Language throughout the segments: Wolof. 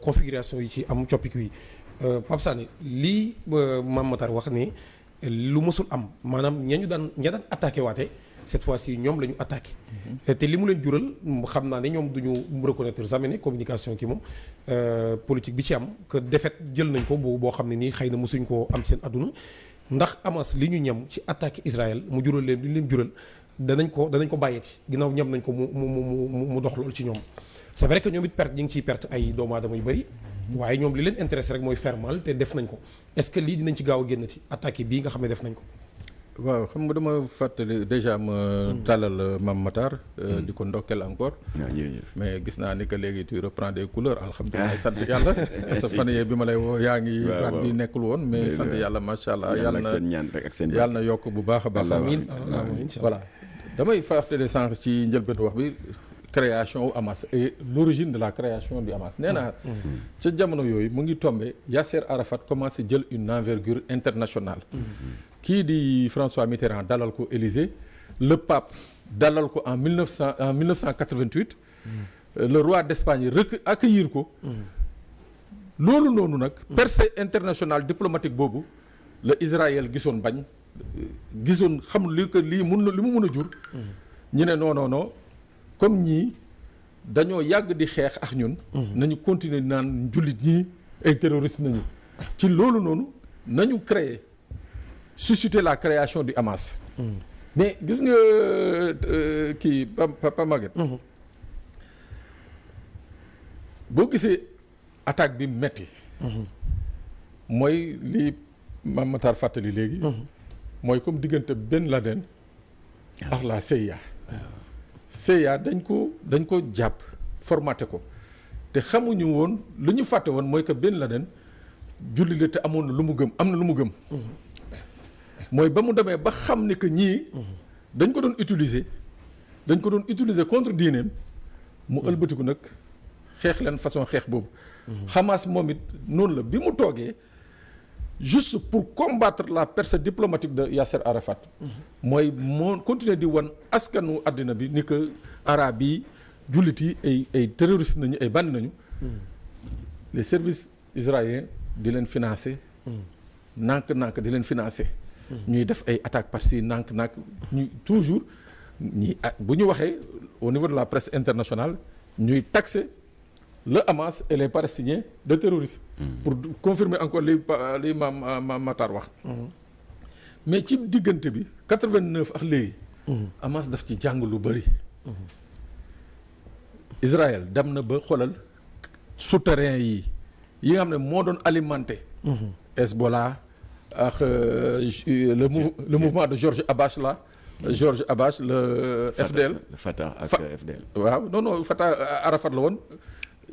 configuration yi ci am coppiku yi euh, Pape Sané lii euh, Mame Matar wax ni lu mësul am maanaam ña ñu daan ña daan attaqué waate cette fois-ci ñoom lañu ñu attaqué. Mm-hmm. Euh, te li mu leen jural xam naa ne ñoom du ñu reconnaître jamais ne communication ki moom politique bi ci am que défaite jël nañ ko boo boo xam ne nii xëy na mosuñ koo am seen adduna ndax Hamas li ñu ñam ci attaque Israël mu jural leen li ñu leen jural danañ ko danañ ko bàyyee ci ginnaaw ñam nañ ko mu mu mu mu dox lool ci ñoom. c'est vrai que ñoom it perte ñi ngi ciy perte ay doomu aadama yu bëri waaye ñoom li leen intéressé rek mooy faire te def nañ ko est lii dinañ ci gaaw a génnati attaque bii nga xam ne def nañ ko waaw xam nga dama fàttali déjà ma hmm. tàllal euh, Mame Matar euh, hmm. di ko ndokkeel encore ah, mais gis naa ni que léegi tu reprends des couleurs alhamdulilah sant yàlla sa faneye bi ma lay woo yaa ngi baat bi nekkul woon mais sant yàlla macha allah yàlla na yàlla na yokk bu baax a baax voilà damay fàttali sànq bi création Hamas et l'origine de la création du Hamas nee naa ca jamono yooyu mu ngi tombe Yasser Arafat commencé jël une envergure internationale kii di François Mitterrand dalal ko Élysée le pape dalal ko en 1900 en 1988 euh, le roi d'Espagne rek accueillir ko loolu noonu nag percée internationale diplomatique boobu la Israël gisoon bañ euh, gisoon xam li que lii mun na li mu mun a jur ñu ne comme ñii dañoo yàgg di xeex ak ñun. Mhm. nañu continuer naan njulit ñii ay terroriste nañu. ci loolu noonu nañu créer susciter la création du Hamas. Mhm. mais gis nga euh, kii Papa Maguette. Mhm. boo gisee attaque bi metti mooy li Mame fàttali léegi. mooy comme diggante Ben Laden. Ah. ak la CIA. Ah. CA dañ ko dañ ko jàpp formaté ko te xamuñu woon lu ñu fàtte woon mooy que Ben Laden julli la te amoon na lu mu gëm am na lu mu gëm. mooy ba mu demee ba xam ni que ñii. dañ ko doon utiliser dañ ko doon utiliser contre diineem mu ëlbatiku nag xeex leen façon xeex boobu. Mm-hmm. Hamas moom it noonu la bi mu toogee. juste pour combattre la percée diplomatique de Yasser Arafat. mooy moo continuer di wan askanu àddina bi ni que arab yi jullit yi ay ay terroriste nañu ay bandi nañu. les services israéliens di leen financer. nànk-nànk di leen financer. ñuy def ay attaques par-ci nànk-nànk ñuy toujours ñi ah, bu ñu waxee au niveau de la presse internationale ñuy taxer. le Hamas et les Palestiniens de terroristes. Mm. pour confirmer encore li li ma ma Matar wax. Mm-hmm. mais ci diggante bi 89 ak léegi. Mm-hmm. Hamas daf ci jàng lu bëri. Mm-hmm. Israël dem na ba xoolal souterrain yi yi nga xam ne moo doon alimenté. Hezbollah ak euh, euh, le mou le mouvement de Georges Abbas là. Georges Abbas le FDL. Fatah ak FDL. waaw non Fatah euh, Arafat la woon.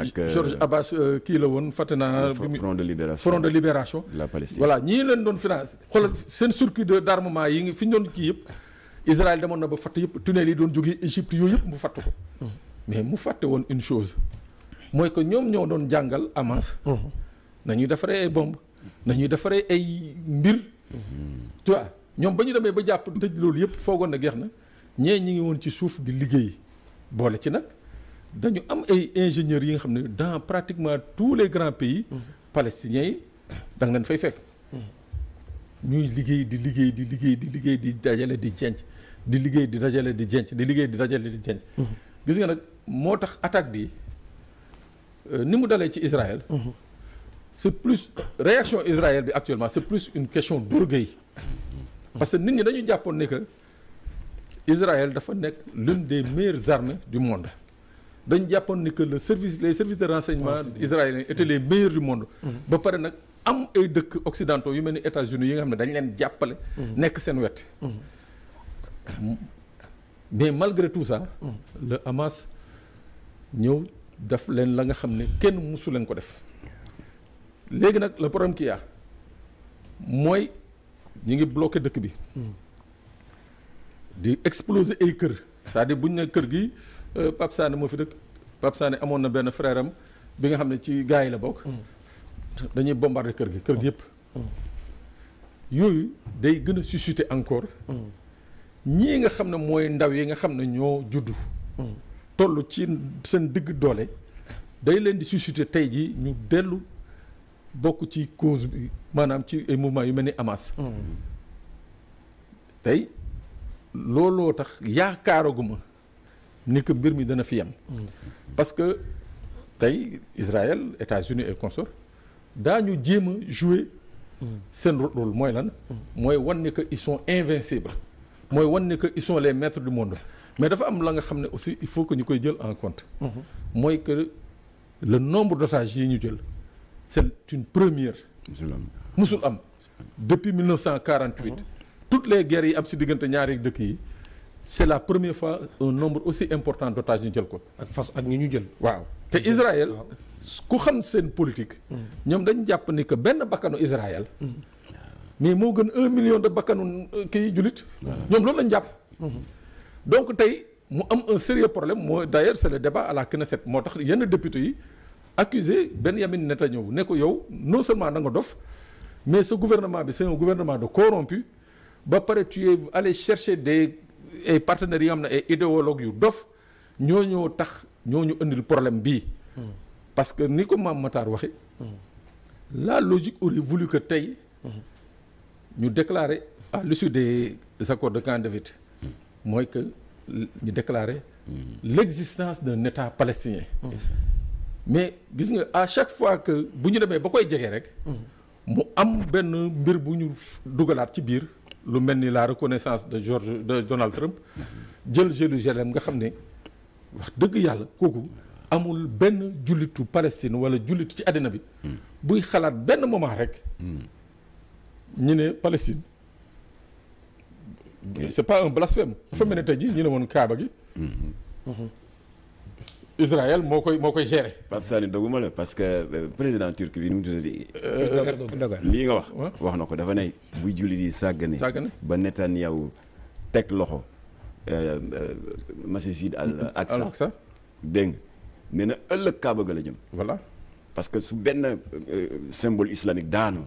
ak euh, Georges Abbas euh, kii la woon fàtte naa. front de libération front de libération. la Palestine voilà ñii leen doon financé. xoolal seen circuit de d' armement yi ngi fi ñu doon kii yëpp. Israël demoon na ba fàtte yëpp tunnel yi doon jógee Égypte yooyu yëpp mu fàtte ko. mais mu fàtte woon une chose. mooy que ñoom ñoo doon jàngal na ñuy defaree ay bomb ñuy defaree ay mbir. tu ñoom ba ñu demee ba jàpp tëj loolu yëpp foogoon na geex na ñee ñi ngi woon ci suuf di liggéey boole ci nag. dañu am ay ingénieurs yi nga xam ne dans pratiquement tous les grands pays mmh. palestiniens yi da leen fay fekk mmh. ñuy liggéey di liggéey di liggéey di liggéey di dajale di jenc di liggéey di dajale di jenc di liggéey di dajale di jenc mmh. gis nga nag moo tax attaque bi euh, ni mu dalee ci Israël c'est plus réaction Israël bi actuellement c'est plus une question d'orgueil parce que nit ñi dañu jàppoon ne que Israël dafa nekk l'une des meilleures armées du monde dañ jàppoon ni que le service les services de renseignement israéliens étaient mm. les meilleurs du monde mm. ba pare nag am ay dëkk occidentaux yu mel ni États-Unis yi nga xam ne dañ leen jàppale mm. nekk seen wet mais malgré tout ça le Hamas ñëw def leen la nga xam ne kenn mosu leen ko def léegi nag le problème qu'il y a mooy ñu ngi bloqué dëkk bi di exploser ay kër cest à buñ ne kër gi euh, Pape moo fi dëkk Pape Sané amoon na benn frère bi nga xam ne ci gars yi la bokk. Mm. dañuy bombarder kër gi kër gi yëpp. Mm. yooyu day gën a susciter encore. Mm. ñii nga xam ne mooy ndaw yi nga xam ne ñoo juddu. toll ci seen digg doole day leen di susciter tey jii ñu dellu bokk ci cause bi maanaam ci ay mouvement yu mel ni Hamas. tey looloo tax yaakaaraguma. ni mbir mi dana fi yem. Mm. parce que tey Israël États-Unis et consorts daañu jéem a jouer mm. seen rôle mooy lan. Mm. mooy wan ni que ils sont invincibles. mooy wan ni que ils sont les maîtres du monde mais dafa am la nga xam ne aussi il faut que ñu koy jël en compte. Mm-hmm. mooy que le nombre d'otages yi ñu jël c'est une première. mosul am depuis 1948. Mm-hmm. toutes les guerres yi am si diggante ñaari dëkk yi. c'est la première fois un nombre aussi important d'otages ñu jël ko. ak fas ak ñu jël. waaw te Israël ku xam seen politique. ñoom dañ jàpp ni que benn bakkanu Israël. mais moo gën un million de bakkanu euh, kii jullit. ñoom loolu lañ jàpp. donc tey mu am un sérieux problème mooy d'ailleurs c'est le débat à la Knesset moo tax yenn députés yi accusé Benyamin Netanyahu ne ko yow non seulement da nga dof mais ce gouvernement bi c'est un gouvernement de corrompu ba pare tu es allé ay partenaires yi nga xam ne ay idéologues yu dof ñoo ñoo tax ñoo ñu indil problème bii. parce que ni ko maam Matar waxee. la logique aurait voulu que tey. ñu déclarer à l'issue des accords de Camp David mooy que ñu déclarer l'existence de État palestinien. mais gis nga à chaque fois que bu ñu demee ba koy jege rek. mu am benn mbir bu ñu dugalaat ci biir. lu mel ni la reconnaissance de George de Donald Trump jël Jérusalem nga xam ne wax dëgg yàlla kooku amul benn jullitu Palestine wala jullit ci àddina bi buy xalaat benn moment rek ñu ne Palestine c'est pas un blasphème dafa mel ne tey jii ñu ne woon Kaaba gi mm-hmm. Mm-hmm. Israël moo koy moo koy gérer. Pape Saliou doguma la parce que euh, président turc bi nu mu tuddati. Euh, euh, lii nga wax. wax na ko dafa ne bu jullit yi sàggane. sàggane ba Netanyahu teg loxo masjid al Aqsa. dégg nga nee na ëllëg Kaaba ga la jëm. voilà parce que su benn symbole islamique daanu.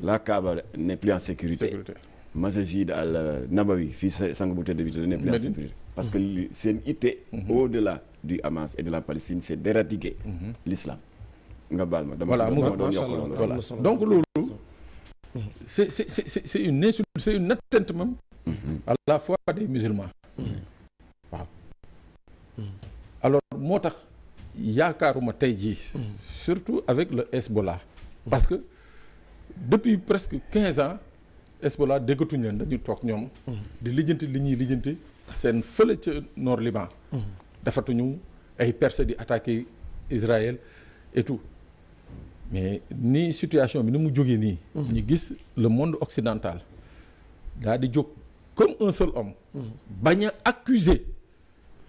la Kaaba n'est plus en sécurité. sécurité. masjid al Nabawi fii sang bu tedd bi te n'est sécurité. parce que mm-hmm. seen itte. Mm-hmm. au delà. du Hamas et de la Palestine c'est d'éradiquer mhm. l'islam nga baal ma dama ci doon yokk loolu voilà donc loolu c'est une insulte mhm. mhm. alors moo tax yaakaaruma tey jii surtout avec le Hezbollah parce que depuis presque quinze ans Hezbollah déggatuñ leen dañu toog ñoom di lijjanti li ñuy lijjanti seen fële ca nord Liban defatuñu ay perse di attaquer Israël et tout mais ni situation bi ni mu jógee nii. Mhm. ñu gis le monde occidental daa di jóg comme un seul homme. Mhm. bañ a accuser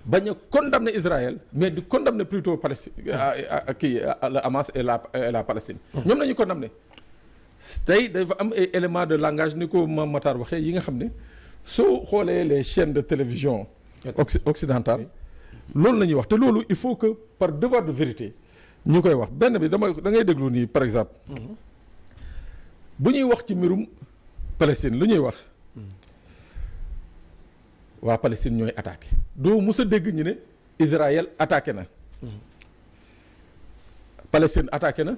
bañ a condamner Israël mais di condamner plutôt Palestine mhm. ah, ah, ah, kii la amance et la la Palestine. ñoom nañu condamner tey fa am ay éléments de langage ni ko ma Matar waxee yi nga xam ni soo xoolee les chaînes de télévision. occidentale loolu la ñuy wax te loolu il faut que par devoir de vérité ñu koy wax benn bi dama da ngay déglu nii par exemple. Mm-hmm. bu ñuy wax ci mbirum Palestine lu ñuy wax. Mm-hmm. waa Palestine ñooy attaqué doo mës dégg ñu ne Israël attaqué na. Mm-hmm. Palestine attaqué na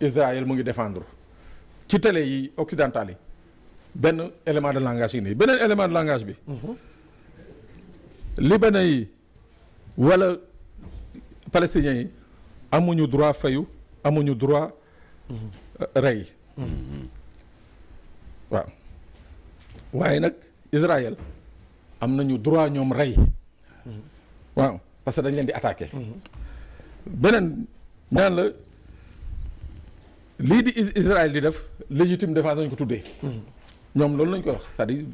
Israël mu ngi défendre ci tele yi occidentale benn élément de langage yi nii beneen élément de langage bi. libanais yi. wala palestiniens yi amuñu droit fayu amuñu droit euh, rey waaw waaye nag Israël am nañu droit ñoom rey waaw parce que dañ leen di attaqué beneen ñaan la lii di Israël di def légitime défense lañ ko tuddee ñoom loolu lañ koy wax c'est-à-dire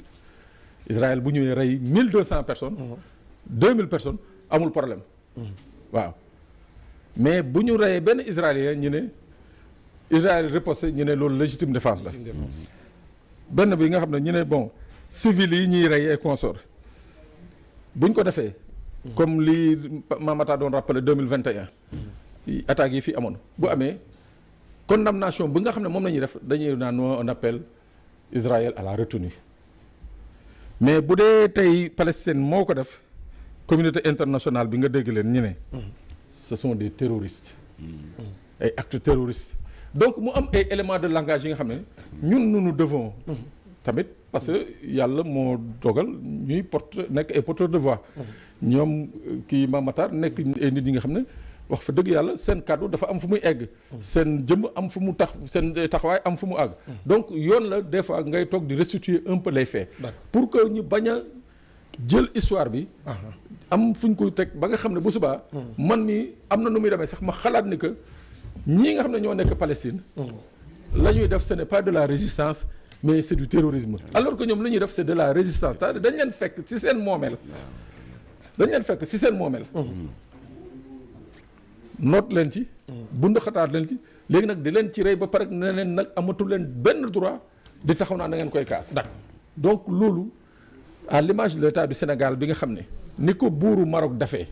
Israël bu ñëwee rey mille deux cent personnes deux mille personnes amul problème waaw mais bu ñu reyee benn israélien ñu ne Israël riposte ñu ne loolu légitime défense la benn bi nga xam ne ñu ne bon civil yi ñuy reyee et consort buñ ko defee comme li Mamata doon rappelé deux mille vingt et un yi fi amoon bu amee condamnation bu nga xam ne moom lañuy def dañuy naan on appelle Israël à la retenue mais bu dee tey Palestine moo ko def communauté internationale bi nga dégg leen ñu ne. ce sont des terroristes. ay actes terroristes. donc mu am ay éléments de langage yi nga xam ne ñun nunu nous devons. tamit parce que yàlla moo dogal ñuy porte nekk ay porteurs de voix. ñoom kii Mamatar nekk ay nit ñi nga xam ne. wax fa dëgg yàlla seen kàddu dafa am fu muy egg seen jëmm am fu mu tax seen taxawaay am fu mu àgg donc yoon la des fois ngay toog di restituer un peu les pour que ñu bañ jël histoire bi. Ah, ah. am fu ñu koy teg ba nga xam ne bu subaa. Hmm. man mii am na nu muy demee sax ma xalaat ni que ñii nga xam ne ñoo nekk Palestine. Hmm. la ñuy def ce n'est pas de la résistance mais c'est du terrorisme. Hmm. alors que ñoom la ñuy def see de la résistance cest dañ leen fekk ci seen moomeel. dañ leen fekk ci seen moomeel. noot leen ci. bund xataat leen ci léegi nag di leen ci rey ba pare ne leen nag amatu leen benn droit di taxaw naa na ngeen koy kaas. d'accord donc loolu. à l'image de l'état du Sénégal bi nga xam ne ni ko buuru Maroc dafee